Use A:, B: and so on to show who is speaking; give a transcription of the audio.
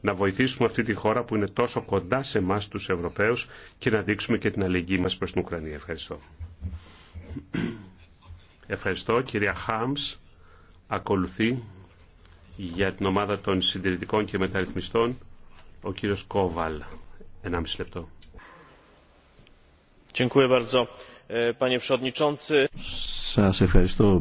A: να βοηθήσουμε αυτή τη χώρα που είναι τόσο κοντά σε εμά τους Ευρωπαίους και να δείξουμε και την αλληλεγγύη μας προς την Ουκρανία. Ευχαριστώ. Ευχαριστώ. Κυρία Χάμς, ακολουθεί για την ομάδα των συντηρητικών
B: και μεταρρυθμιστών ο κύριος Κόβαλ. 1,5 λεπτό.
C: Σας ευχαριστώ